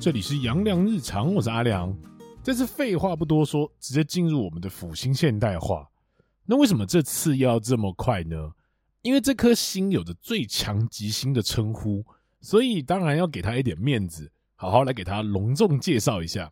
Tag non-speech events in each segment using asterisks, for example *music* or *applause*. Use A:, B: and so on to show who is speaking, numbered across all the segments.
A: 這裡是陽光日常，我是阿良。這次廢話不多說，直接進入我們的輔星現代化。那為什麼這次要這麼快呢？因為這顆星有着最強吉星的稱呼，所以當然要給他一點面子，好好來給他隆重介紹一下。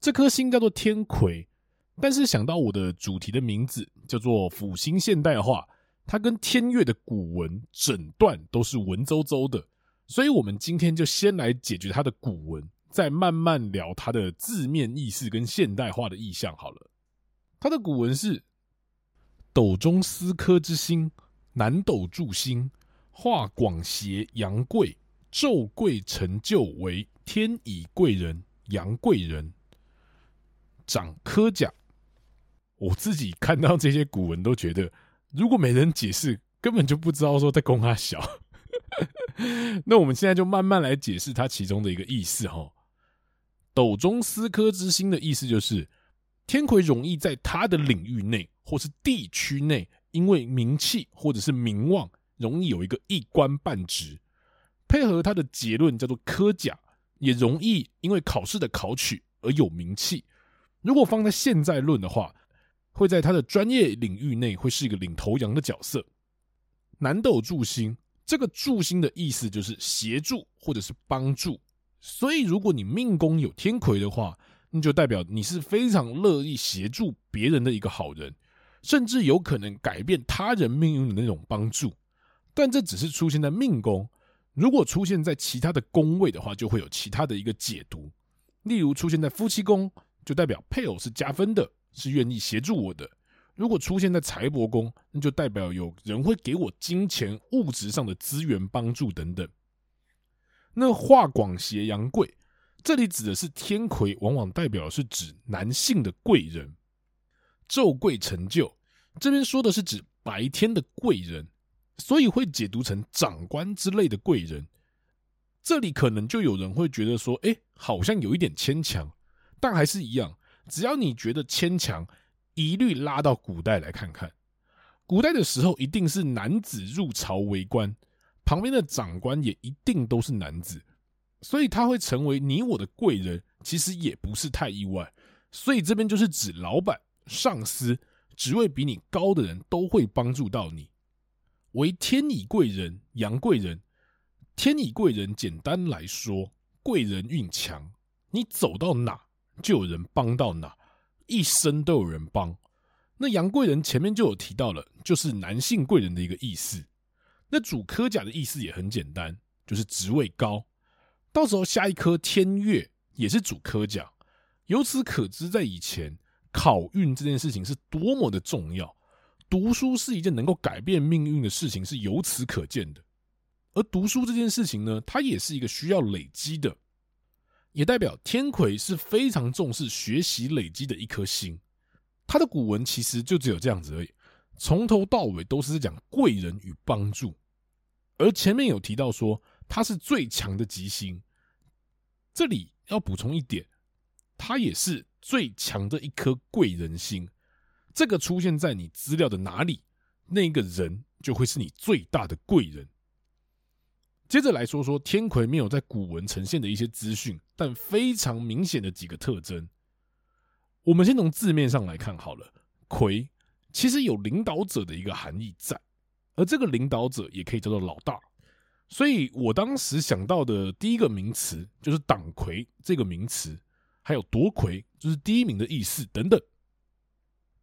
A: 這顆星叫做天魁，但是想到我的主題的名字叫做輔星現代化，它跟天月的古文整段都是文縐縐的。所以，我們今天就先來解決他的古文，再慢慢聊他的字面意思跟現代化的意象好了。他的古文是“斗中司科之星，南斗助星化廣協，陽貴，晝貴成就為天乙貴人，陽貴人掌科甲。”我自己看到這些古文都覺得，如果沒人解釋，根本就不知道說在供他小。 *laughs* *laughs* 那我們現在就慢慢來解釋它其中的一個意思哈。斗中司科之星的意思就是，天魁容易在他的領域內或是地區內，因為名氣或者是名望，容易有一個一官半職。配合他的結論叫做科甲，也容易因為考試的考取而有名氣。如果放在現在論的話，會在他的專業領域內會是一個領頭羊的角色。南斗助星，這個助星的意思就是協助或者是幫助，所以如果你命宮有天魁的話，那就代表你是非常樂意協助別人的一個好人，甚至有可能改變他人命運的那種幫助。但這只是出現在命宮，如果出現在其他的宮位的話，就會有其他的一個解讀。例如出現在夫妻宮，就代表配偶是加分的，是願意協助我的。如果出現在財帛宮，那就代表有人會給我金錢、物質上的資源幫助等等。那化廣協陽貴，這裡指的是天魁，往往代表是指男性的貴人。晝貴成就，這邊說的是指白天的貴人，所以會解讀成長官之類的貴人。這裡可能就有人會覺得說，誒，好像有一點牽強，但還是一樣，只要你覺得牽強。一律拉到古代來看看，古代的時候一定是男子入朝為官，旁邊的長官也一定都是男子，所以他會成為你我的貴人，其實也不是太意外。所以這邊就是指老闆、上司、職位比你高的人都會幫助到你。為天乙貴人、陽貴人，天乙貴人簡單來說，貴人運強，你走到哪就有人幫到哪。一生都有人幫，那陽貴人前面就有提到了，就是男性貴人的一個意思。那主科甲的意思也很簡單，就是職位高。到時候下一科天月也是主科甲，由此可知，在以前考運這件事情是多麼的重要，讀書是一件能夠改變命運的事情，是由此可見的。而讀書這件事情呢，它也是一個需要累積的。也代表天魁是非常重視學習累積的一顆星，他的古文其實就只有這樣子而已，從頭到尾都是在講貴人與幫助，而前面有提到說他是最強的吉星，這裡要補充一點，他也是最強的一顆貴人星，這個出現在你資料的哪裡，那個人就會是你最大的貴人。接着來說說天魁沒有在古文呈現的一些資訊，但非常明顯的幾個特徵。我們先從字面上來看好了，魁其實有領導者的一個含義在，而這個領導者也可以叫做老大。所以我當時想到的第一個名詞就是“黨魁”這個名詞，還有“奪魁”，就是第一名的意思等等。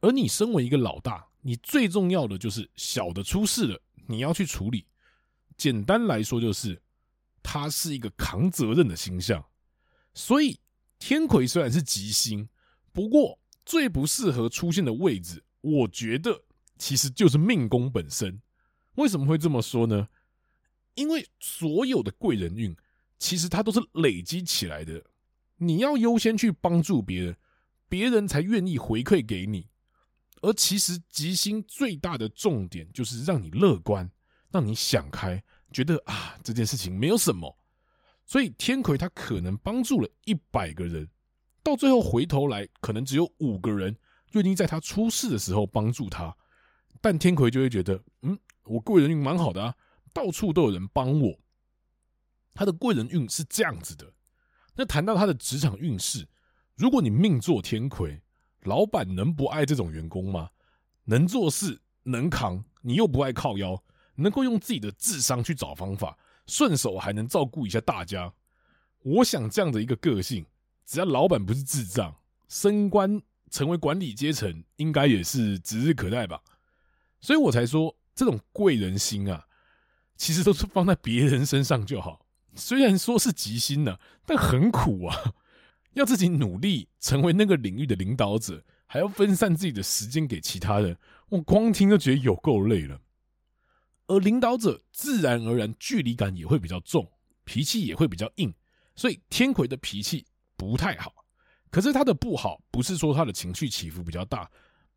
A: 而你身為一個老大，你最重要的就是小的出事了，你要去處理。簡單來說就是，它是一個扛責任的形象，所以天魁雖然是吉星，不過最不適合出現的位置，我覺得其實就是命宮本身。為什麼會這麼說呢？因為所有的貴人運，其實它都是累積起來的，你要優先去幫助別人，別人才願意回饋給你。而其實吉星最大的重點就是讓你樂觀。讓你想開，覺得啊，這件事情沒有什麼，所以天魁他可能幫助了一百個人，到最後回頭來可能只有五個人願意在他出事的時候幫助他，但天魁就會覺得，嗯，我貴人運蠻好的啊，到處都有人幫我，他的貴人運是這樣子的。那談到他的職場運勢，如果你命坐天魁，老闆能不愛這種員工嗎？能做事，能扛，你又不愛靠腰。能夠用自己的智商去找方法，順手還能照顧一下大家。我想這樣的一個個性，只要老板不是智障，升官成為管理階層，應該也是指日可待吧。所以我才說，這種貴人心啊，其實都是放在別人身上就好。雖然說是吉星呢，但很苦啊， *laughs* 要自己努力成為那個領域的領導者，還要分散自己的時間給其他人。我光聽就覺得有夠累了。而領導者自然而然距離感，也會比較重，脾氣也會比較硬，所以天魁的脾氣不太好。可是他的不好不是說他的情緒起伏比較大，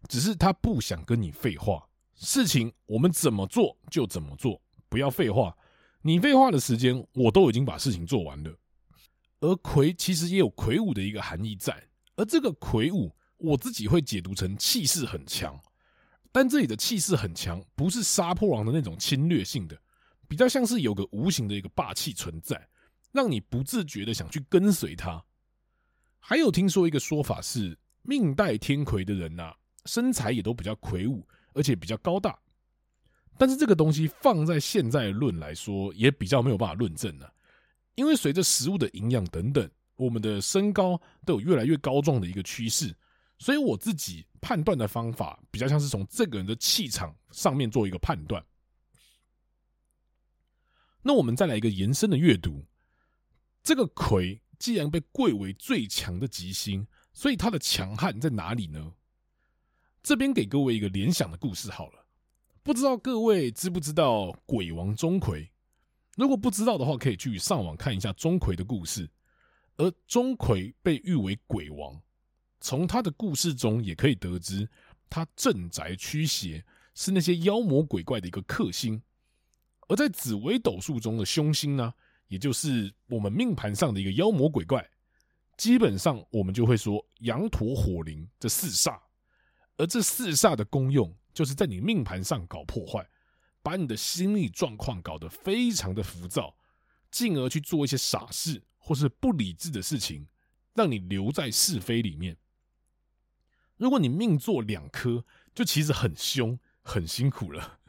A: 只是他不想跟你廢話。事情我們怎麼做就怎麼做，不要廢話。你廢話的時間我都已經把事情做完了。而魁其實也有魁梧的一個含義在，而這個魁梧我自己會解讀成氣勢很強。但這裡的氣勢很強，不是殺破狼的那種侵略性的，比較像是有個無形的一個霸氣存在，讓你不自覺的想去跟隨他。還有聽說一個說法是，命帶天魁的人吶、啊，身材也都比較魁梧，而且比較高大。但是這個東西放在現在的論來說，也比較沒有辦法論證了、啊，因為隨着食物的營養等等，我們的身高都有越來越高壯的一個趨勢。所以我自己判斷的方法比較像是從這個人的氣場上面做一個判斷。那我們再來一個延伸的閱讀。這個魁既然被貴為最強的吉星，所以他的強悍在哪裡呢？這邊給各位一個聯想的故事好了。不知道各位知不知道鬼王鍾馗？如果不知道的話，可以去上網看一下鍾馗的故事。而鍾馗被譽為鬼王。從他的故事中也可以得知，他鎮宅驅邪是那些妖魔鬼怪的一個克星。而在紫微斗數中的凶星呢，也就是我們命盤上的一個妖魔鬼怪，基本上我們就會說羊陀火鈴這四煞。而這四煞的功用，就是在你命盤上搞破壞，把你的心理狀況搞得非常的浮躁，進而去做一些傻事或是不理智的事情，讓你留在是非裡面。如果你命坐兩顆，就其實很凶，很辛苦了。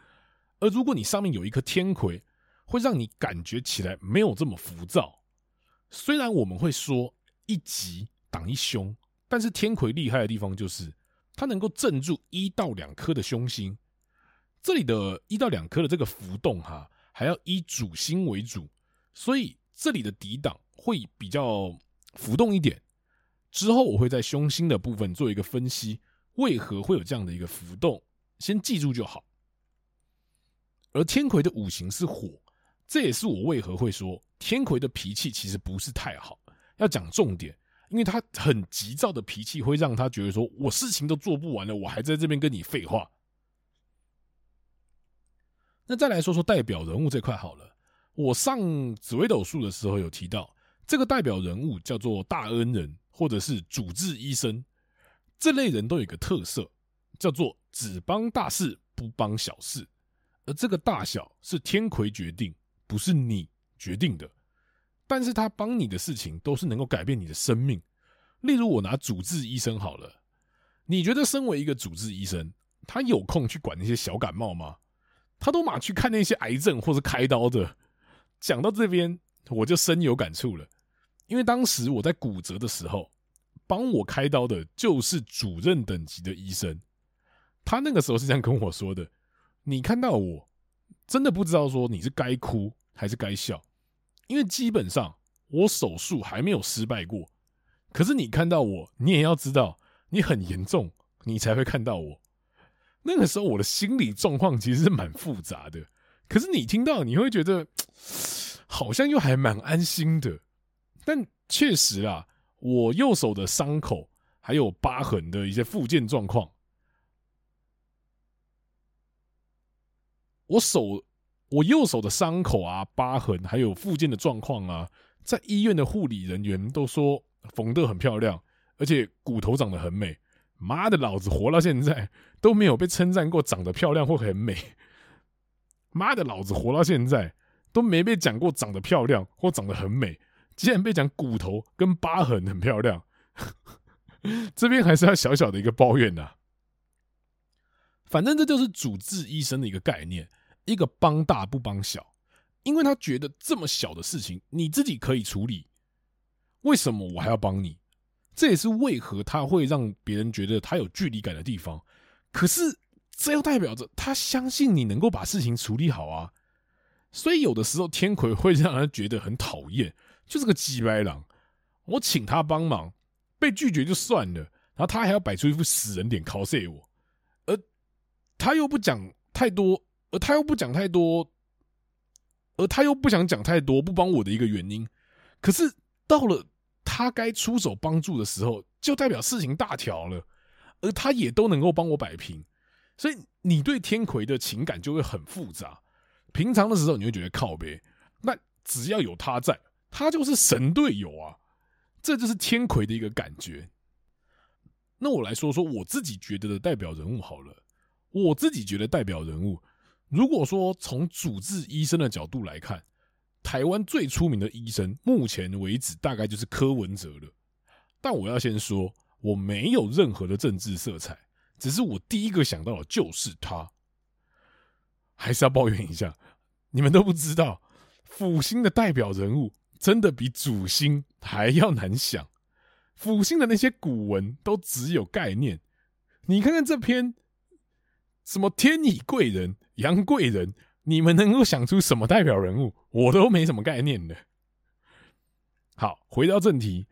A: 而如果你上面有一顆天魁，會讓你感覺起來沒有這麼浮躁。雖然我們會說一吉擋一凶，但是天魁厲害的地方就是它能夠鎮住一到兩顆的凶星。這裡的一到兩顆的這個浮動哈、啊，還要依主星為主，所以這裡的抵擋會比較浮動一點。之後我會在兇星的部分做一個分析，為何會有這樣的一個浮動，先記住就好。而天魁的五行是火，這也是我為何會說天魁的脾氣其實不是太好，要講重點，因為他很急躁的脾氣會讓他覺得說，我事情都做不完了，我還在這邊跟你廢話。那再來說說代表人物這塊好了，我上紫微斗數的時候有提到。這個代表人物叫做大恩人，或者是主治醫生，這類人都有一個特色，叫做只幫大事不幫小事。而這個大小是天魁決定，不是你決定的。但是他幫你的事情都是能夠改變你的生命。例如我拿主治醫生好了，你覺得身為一個主治醫生，他有空去管那些小感冒嗎？他都馬去看那些癌症或是開刀的。講到這邊，我就深有感觸了。因為當時我在骨折的時候，幫我開刀的就是主任等級的醫生，他那個時候是這樣跟我說的：“你看到我，真的不知道說你是該哭還是該笑，因為基本上我手術還沒有失敗過，可是你看到我，你也要知道你很嚴重，你才會看到我。那個時候我的心理狀況其實是蠻複雜的，可是你聽到你會覺得好像又還蠻安心的。”但確實啊，我右手的傷口還有疤痕的一些復健狀況，我手我右手的傷口啊、疤痕還有復健的狀況啊，在醫院的護理人員都說縫得很漂亮，而且骨頭長得很美。媽的，老子活到現在都沒有被稱讚過長得漂亮或很美。媽的，老子活到現在都沒被講過長得漂亮或長得很美。既然被講骨頭跟疤痕很漂亮，呵呵，這邊還是要小小的一個抱怨吶、啊。反正這就是主治醫生的一個概念，一個幫大不幫小，因為他覺得這麼小的事情你自己可以處理，為什麼我還要幫你？這也是為何他會讓別人覺得他有距離感的地方。可是這又代表着他相信你能夠把事情處理好啊。所以有的時候天魁會讓人覺得很討厭。就是個機掰郎，我請他幫忙，被拒絕就算了，然後他還要擺出一副死人臉 cos 我，而他又不講太多，而他又不講太多，而他又不想講太多，不幫我的一個原因。可是到了他該出手幫助的時候，就代表事情大條了，而他也都能夠幫我擺平，所以你對天魁的情感就會很複雜。平常的時候你會覺得靠北，那只要有他在。他就是神隊友啊，這就是天魁的一個感覺。那我來說說我自己覺得的代表人物好了。我自己覺得代表人物，如果說從主治醫生的角度來看，台灣最出名的醫生，目前為止大概就是柯文哲了。但我要先說，我沒有任何的政治色彩，只是我第一個想到的就是他。還是要抱怨一下，你們都不知道，輔星的代表人物。真的比主星還要難想，輔星的那些古文都只有概念。你看看這篇，什麼天乙貴人、陽貴人，你們能夠想出什麼代表人物？我都沒什麼概念的。好，回到正題，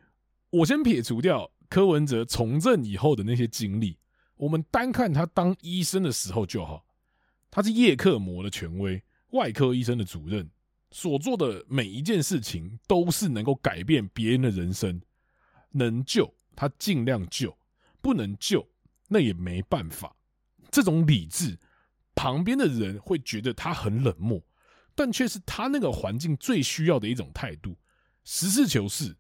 A: 我先撇除掉柯文哲從政以後的那些經歷，我們單看他當醫生的時候就好。他是葉克膜的權威，外科醫生的主任。所做的每一件事情都是能夠改變別人的人生，能救他盡量救，不能救那也沒辦法。這種理智，旁邊的人會覺得他很冷漠，但卻是他那個環境最需要的一種態度。實事求是，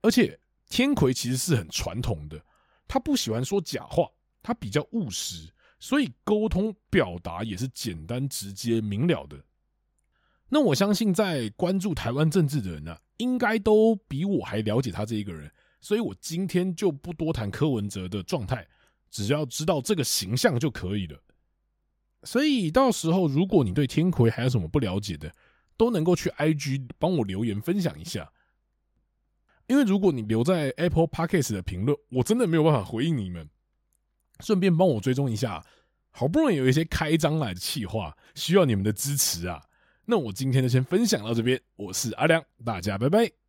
A: 而且天魁其實是很傳統的，他不喜歡說假話，他比較務實，所以溝通表達也是簡單直接明了的。那我相信，在關注台灣政治的人呢、啊，應該都比我還了解他這一個人，所以我今天就不多談柯文哲的狀態，只要知道這個形象就可以了。所以到時候，如果你對天魁還有什麼不了解的，都能夠去 IG 幫我留言分享一下，因為如果你留在 Apple Podcast 的評論，我真的沒有辦法回應你們。順便幫我追蹤一下，好不容易有一些開張來的企劃，需要你們的支持啊！那我今天就先分享到這邊，我是阿良，大家拜拜。